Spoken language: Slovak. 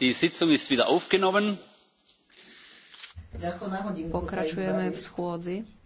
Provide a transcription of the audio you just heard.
die sitzung ist wieder aufgenommen. Pokračujeme v schôdzi.